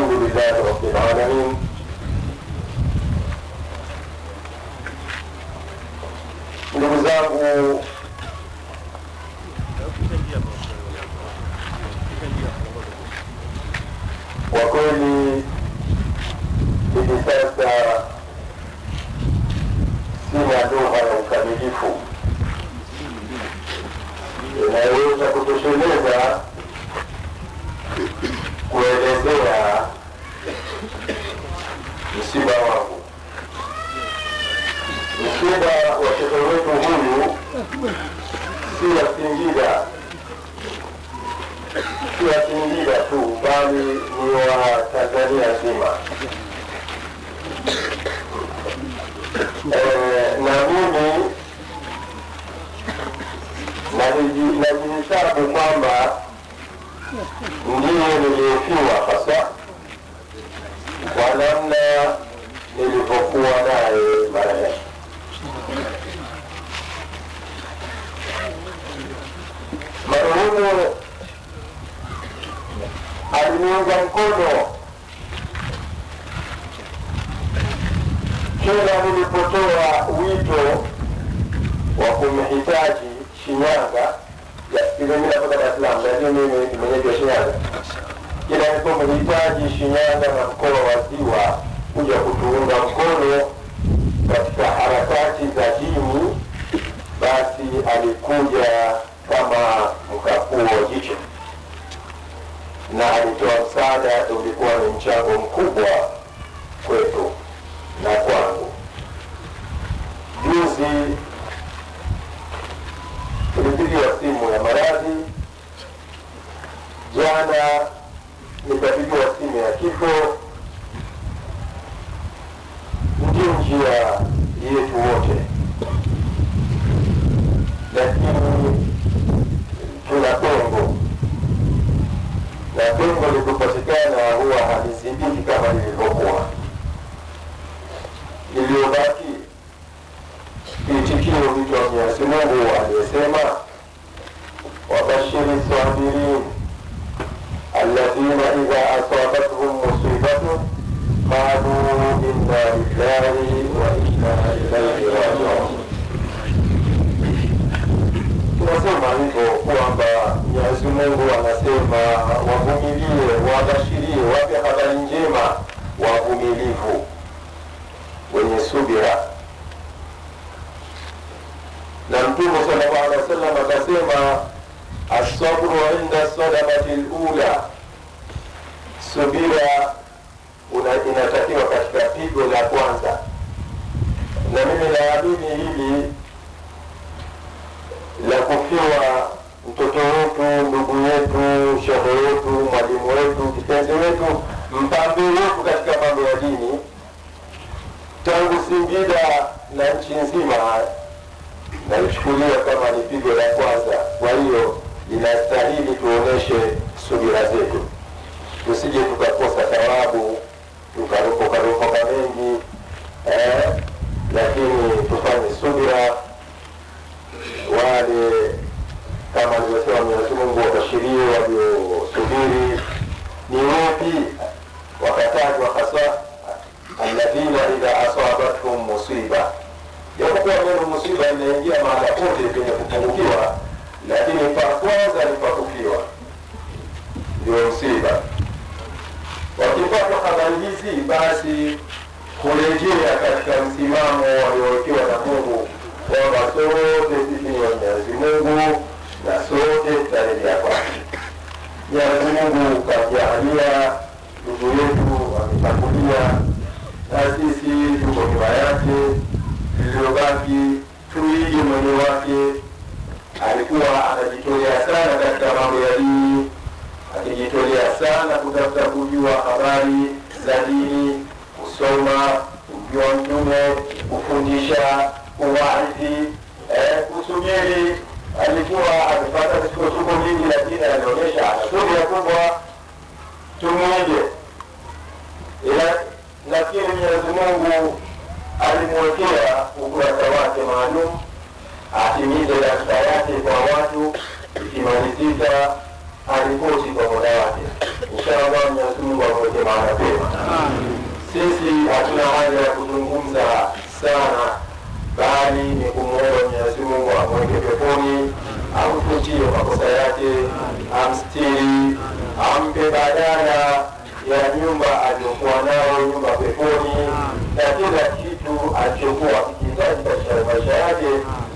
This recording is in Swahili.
الحمد لله رب العالمين ndugu zangu kwa kweli hivi sasa sina lugha ya ukamilifu inayoweza kutosheleza msiba wangu, msiba wa shekhe wetu huyu, si wa Singida, si wa Singida tu, bali ni wa Tanzania nzima. Eh, na mimi najihisabu kwamba ndiye niliyefiwa hasa kwa namna nilivyokuwa naye marehemu. Marehemu aliniunga mkono kila nilipotoa wito wa kumhitaji Shinyanga. Mimi natoka Dar lakini mimi mwenyeji wa Shinyanga. Kila mlihitaji Shinyanga na mkoa wa Ziwa kuja kutuunga mkono katika harakati za dini, basi alikuja kama mkakuo jicho na alitoa msaada, ulikuwa ni mchango mkubwa kwetu. nikapigiwa simu ya kifo. Ndiyo njia yetu wote, lakini tuna pengo, na pengo likupatikana huwa halizibiki kama lilivyokuwa. Iliyobaki itikio wito wa Mwenyezi Mungu aliyesema wabashiri sabirin الذين إذا أصابتهم مصيبة قالوا إنا لله وإنا إليه راجعون tunasema hivyo kwamba Mwenyezi Mungu anasema wavumilie, wabashirie, wape habari njema wavumilivu, wenye subira. Na Mtume sallallahu alaihi wasallam akasema asabru inda sadamatil ula subira una, inatakiwa katika pigo la kwanza, na mimi naamini hili la kufiwa mtoto wetu, ndugu yetu, shehe wetu, mwalimu wetu, kipenzi wetu, mpambe wetu katika mambo ya dini, tangu Singida na nchi nzima, naichukulia kama ni pigo la kwanza. Kwa hiyo inastahili tuonyeshe subira zetu tusije tukakosa thawabu tukaropokaropoka mengi eh, lakini tufanye subira. Wale kama alivyosema Mwenyezi Mungu wabashirie waliosubiri ni wapi, wakatajwa hasa alladhina idha asabathum musiba, japokuwa neno musiba inaingia mahala pote penye kupungukiwa, lakini pakwanza lipakukiwa ni pakufiwa ndio kurejea katika msimamo waliowekewa na Mungu kwamba sote sisi ni wa Mwenyezi Mungu na sote tutarejea kwake. Mwenyezi Mungu kajalia ndugu yetu ametangulia, na sisi tuko nyuma yake. Lililobaki tuige mwenye wake. Alikuwa anajitolea sana katika mambo ya dini, akijitolea sana kutafuta kujua habari za dini, kusoma ya Mtume kufundisha uwazi eh, kusubiri. Alikuwa amepata sikosuko vingi, lakini alionyesha ya kubwa. Tumwige, lakini Mwenyezi Mungu alimwekea ukurasa wake maalum atimize rasta yake kwa watu ikimalizika aripoti kwa moda wake. Inshallah, Mwenyezi Mungu amweke maana pema. Sisi hatuna haja kuzungumza sana, bali ni kumwomba Mwenyezi Mungu amweke peponi, amfutie makosa yake, amstiri, ampe badala ya nyumba aliyokuwa nayo, nyumba peponi na kila kitu alichokuwa akihitaji katika maisha yake.